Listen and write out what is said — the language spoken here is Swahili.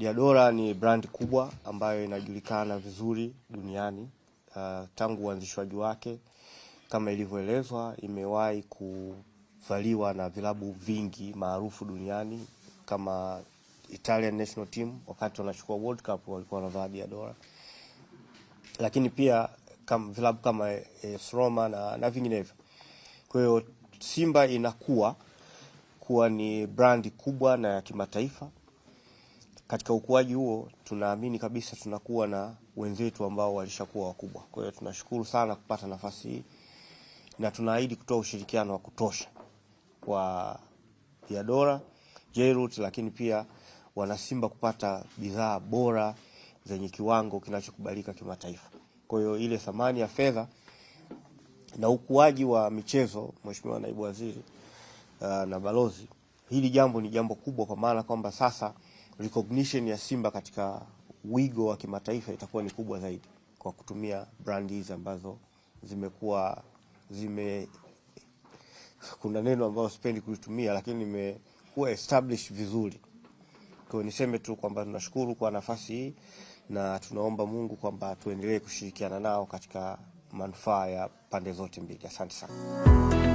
Diadora ni brand kubwa ambayo inajulikana vizuri duniani uh, tangu uanzishwaji wake kama ilivyoelezwa, imewahi kuvaliwa na vilabu vingi maarufu duniani kama Italian National Team wakati wanachukua World Cup walikuwa wanavaa Diadora, lakini pia kama vilabu kama AS Roma na, na vinginevyo. Kwa hiyo Simba inakuwa kuwa ni brandi kubwa na ya kimataifa katika ukuaji huo tunaamini kabisa tunakuwa na wenzetu ambao walishakuwa wakubwa. Kwa hiyo tunashukuru sana kupata nafasi hii na tunaahidi kutoa ushirikiano wa kutosha kwa Diadora, Jairut, lakini pia wanasimba kupata bidhaa bora zenye kiwango kinachokubalika kimataifa. Kwa hiyo ile thamani ya fedha na ukuaji wa michezo, Mheshimiwa Naibu Waziri uh, na Balozi, hili jambo ni jambo kubwa, kwa maana kwamba sasa recognition ya Simba katika wigo wa kimataifa itakuwa ni kubwa zaidi kwa kutumia brandi hizi ambazo zimekuwa zime, kuna neno ambalo sipendi kulitumia lakini nimekuwa established vizuri. Kwa hiyo niseme tu kwamba tunashukuru kwa nafasi hii na tunaomba Mungu kwamba tuendelee kushirikiana nao katika manufaa ya pande zote mbili. Asante sana.